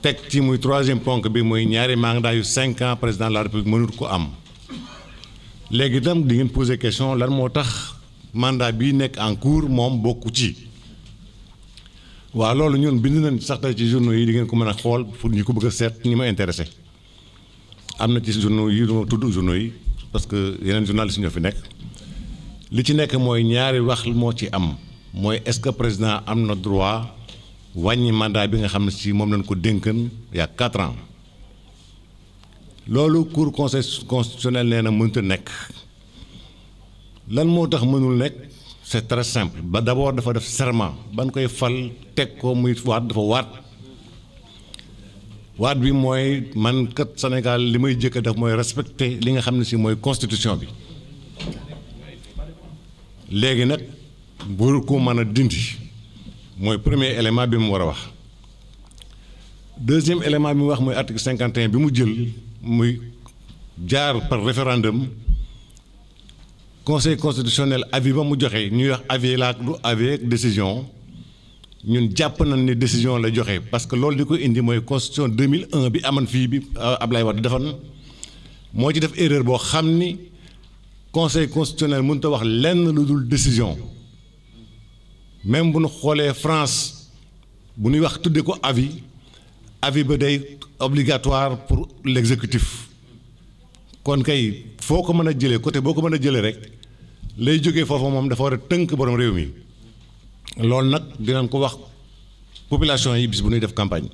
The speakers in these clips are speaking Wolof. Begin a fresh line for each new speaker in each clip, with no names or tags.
teg ci muy troisième ponk bi muy ñaari mandat yu cinq ans président la république mënut ko am léegi itam di ngeen poser question lan moo tax mandat bii nekk en cours moom bokku ci waaw loolu ñun bind nañ sax ci journaux yi di ngeen ko mën a xool pour ñu ko bëgg seet ñi ma intéressé am na ci journaux yi duma tudd journaux yi parce que yeneen journalistes ñoo fi nekk li ci nekk mooy ñaari wax moo ci am mooy est-ce que président am na droit wàññi mandat bi nga xam ne si moom lañ ko dénkan y quatre ans loolu cour conseil constitutionnel nee na mënut a nekk lan moo tax mënul nekk c'est très simple ba d'abord dafa def serment ban koy fal teg ko muy waat dafa waat waat bi mooy man kat Sénégal li may jëkk a def mooy respecté li nga xam ne si mooy constitution bi léegi nag bu ko mën a dindi. mooy premier élément bi mu war a wax deuxième élément bi mu wax mooy article cinquante bi mu jël muy jaar par référendum conseil constitutionnel avis ba mu joxe ñuy wax avis la du avis décision ñun jàpp nañ ni décision la joxe parce que loolu di ko indi mooy constitution 2001 bi aman fii bi euh, Ablaye Wade defoon moo ci def erreur boo xam ni conseil constitutionnel mënut a wax lenn lu dul décision. même bu nu xoolee France bu ñuy wax tuddee ko avis avis ba day obligatoire pour l'exécutif kon kay foo ko mën a jëlee côté boo ko mën a jëlee rek lay jógee foofu moom dafa war a tënk borom réew mi loolu nag dinañ ko wax population yi bis bu ñuy def campagne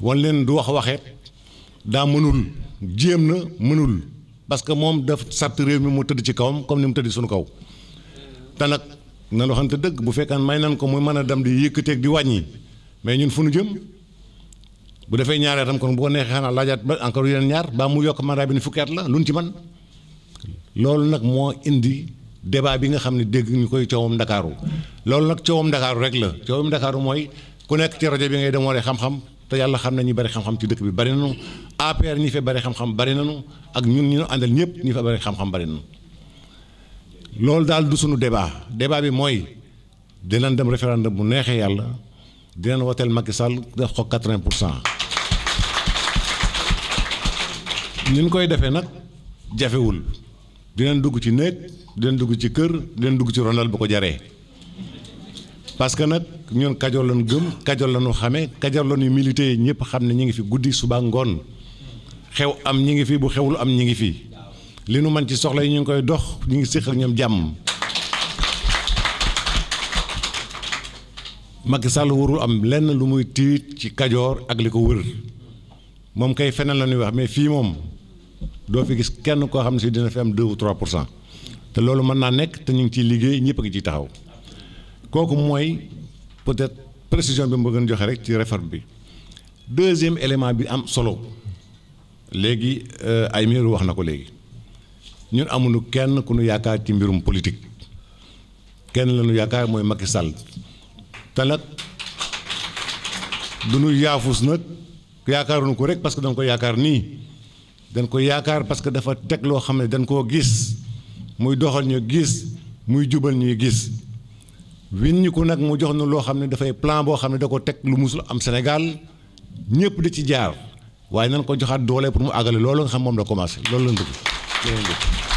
wan leen du wax waxeet daa mënul jéem na mënul parce que moom daf sàtt réew mi mu tëdd ci kawam comme ni mu tëdd suñu kaw te nag xam waxante dëgg bu fekkaan may nan ko mu mën a dem di yëkkateeg di wàññi mais ñun fu nu jëm bu defee ñaaree tam kon bu ko neexee xanaa laajaat ba encore yeneen ñaar baa mu yokk mandat bi ni fukki at la luñ ci man loolu nag moo indi débat bi nga xam ne dégg ñu koy coowam ndakaaru loolu nag coowam ndakaaru rek la coowam ndakaaru mooy ku nekk ci rajo bi ngay dem waree xam-xam te yàlla xam na ñi bari xam-xam ci dëkk bi bari nañu APR ñi fee bari xam-xam bari nañu ak ñun ñu àndal ñëpp ñi fa bari xam-xam loolu daal du sunu débat débat bi mooy dinañ dem référendum bu neexee yàlla dinañ woteel Macky Sall def ko 80 pour cent ni koy defee nag jafewul dinañ dugg ci néeg dinañ dugg ci kër dinañ dugg ci ronal bu ko jaree parce que nag ñun Kajoor lan gëm Kajoor lañu xamee Kajoor lañu milité ñëpp xam ne ñu ngi fi guddi suba ngoon xew am ñi ngi fi bu xewul am ñi ngi fi. li nu man ci soxla yi ñu ngi koy dox ñu ngi séqal ñoom jàmm Macky Sall warul am lenn lu muy tiit ci Kajoor ak li ko wër moom kay feneen la ñuy wax mais fii moom doo fi gis kenn koo xam ne si dina fi am 2 pour cent te loolu mën naa nekk te ñu ngi ciy liggéey ñëpp a ngi ciy taxaw kooku mooy peut-être précision bi mu gën joxe rek ci réforme bi deuxième élément bi am solo léegi euh, ay miiru wax na ko léegi. ñun amuñu kenn ku ñu yaakaar ci mbirum politique kenn lanu yaakaar mooy Macky Sall te nag du nuy yaafus nag yaakaaruñu ko rek parce que dañ ko yaakaar nii dañ ko yaakaar parce que dafa teg loo xam ne dañ koo gis muy doxal ñu gis muy jubal ñuy gis win ko nag mu jox na loo xam ne dafay plan boo xam ne da ko teg lu musul am Sénégal ñëpp di ci jaar waaye nañ ko joxaat doole pour mu àggale loolu nga xam moom la commencé loolu la ñu jërëjëf